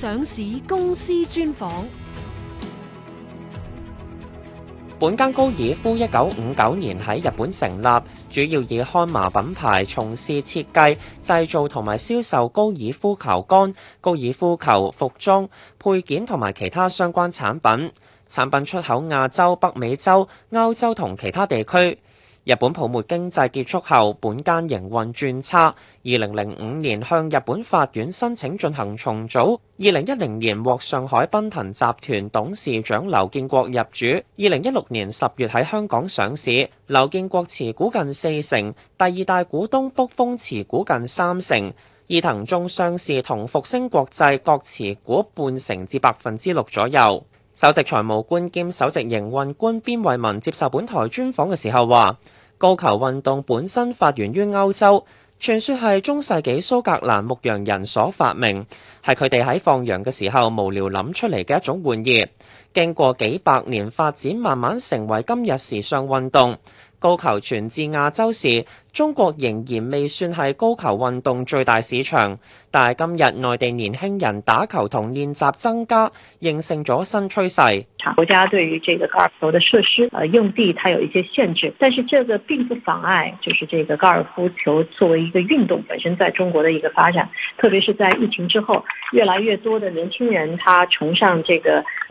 上市公司專訪。本間高爾夫一九五九年喺日本成立，主要以漢麻品牌，從事設計、製造同埋銷售高爾夫球桿、高爾夫球服裝配件同埋其他相關產品。產品出口亞洲、北美洲、歐洲同其他地區。日本泡沫經濟結束後，本間營運轉差，2005年向日本法院申請進行重組，2010年獲上海奔騰集團董事長劉建國入主，2016年十月喺香港上市，劉建國持股近四成，第二大股東卜蜂持股近三成，伊藤忠商事同復星國際各持股半成至百分之六左右。首席財務官兼首席營運官邊蔚文接受本台專訪嘅時候話：高球運動本身發源於歐洲，傳說係中世紀蘇格蘭牧羊人所發明，係佢哋喺放羊嘅時候無聊諗出嚟嘅一種玩意。經過幾百年發展，慢慢成為今日時尚運動。高球傳至亞洲時，中國仍然未算係高球運動最大市場。但係今日內地年輕人打球同練習增加，形成咗新趨勢。國家對於這個高爾夫球的設施、呃用地，它有一些限制，但是這個並不妨礙，就是這個高爾夫球作為一個運動本身，在中國的一個發展，特別是在疫情之後，越來越多的年輕人他崇尚這個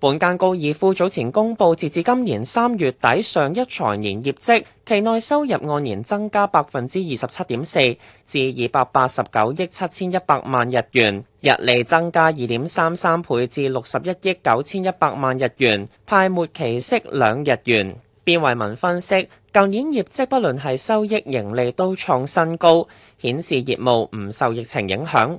本間高爾夫早前公布截至今年三月底上一財年業績，期內收入按年增加百分之二十七點四，至二百八十九億七千一百萬日元，日利增加二點三三倍至六十一億九千一百萬日元，派末期息兩日元。邊蔚文分析，近年業績不論係收益、盈利都創新高，顯示業務唔受疫情影響。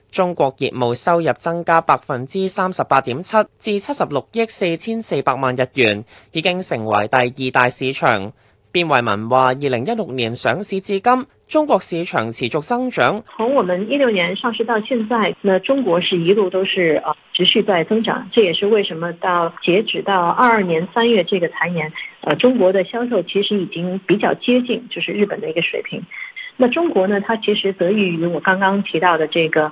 中國業務收入增加百分之三十八點七，至七十六億四千四百萬日元，已經成為第二大市場。邊蔚文話：二零一六年上市至今，中國市場持續增長。從我們一六年上市到現在，那中國是一路都是啊持續在增長，這也是為什麼到截止到二二年三月這個財年，呃、啊、中國的銷售其實已經比較接近，就是日本的一個水平。那中國呢，它其實得益於我剛剛提到的這個。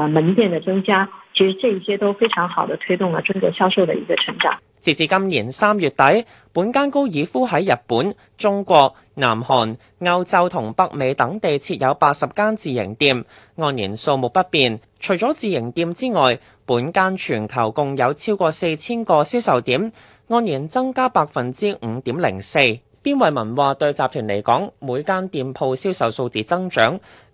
呃，門店嘅增加，其實，這一些都非常好的推動了中國銷售的一個成長。截至今年三月底，本間高爾夫喺日本、中國、南韓、歐洲同北美等地設有八十間自營店，按年數目不變。除咗自營店之外，本間全球共有超過四千個銷售點，按年增加百分之五點零四。邊蔚文話對集團嚟講，每間店鋪銷售數字增長。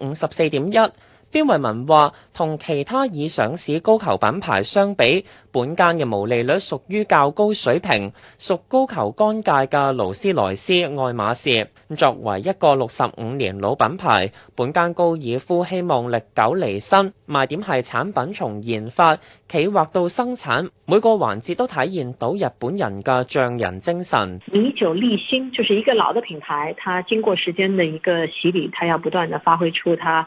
五十四點一。1> 邊蔚文話：同其他已上市高球品牌相比，本間嘅毛利率屬於較高水平。屬高球桿界嘅勞斯萊斯、愛馬仕。作為一個六十五年老品牌，本間高爾夫希望歷久彌新。賣點係產品從研發企劃到生產每個環節都體現到日本人嘅匠人精神。歷久彌新就是一個老的品牌，它經過時間的一個洗禮，它要不斷地發揮出它。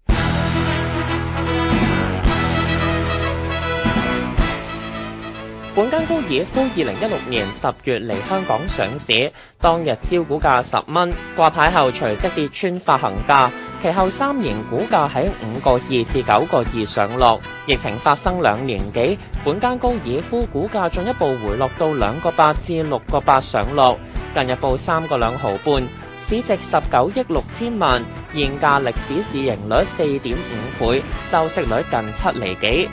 本間高爾夫二零一六年十月嚟香港上市，當日招股價十蚊，掛牌後隨即跌穿發行價，其後三年股價喺五個二至九個二上落。疫情發生兩年幾，本間高爾夫股價進一步回落到兩個八至六個八上落，近日報三個兩毫半，市值十九億六千萬，現價歷史市盈率四點五倍，收息率近七厘幾。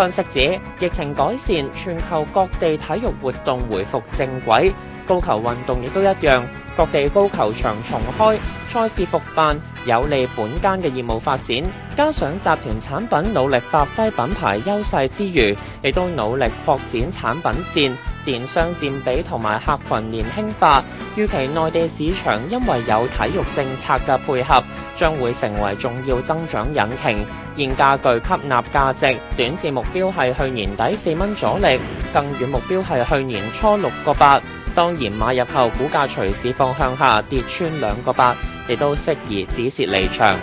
分析指疫情改善，全球各地體育活動回復正軌，高球運動亦都一樣，各地高球場重開，賽事復辦，有利本間嘅業務發展。加上集團產品努力發揮品牌優勢之餘，亦都努力擴展產品線，電商佔比同埋客群年輕化，預期內地市場因為有體育政策嘅配合，將會成為重要增長引擎，現價具吸納價值，短線目標係去年底四蚊阻力，更遠目標係去年初六個八。當然買入後股價隨時放向下跌穿兩個八，亦都適宜止蝕離場。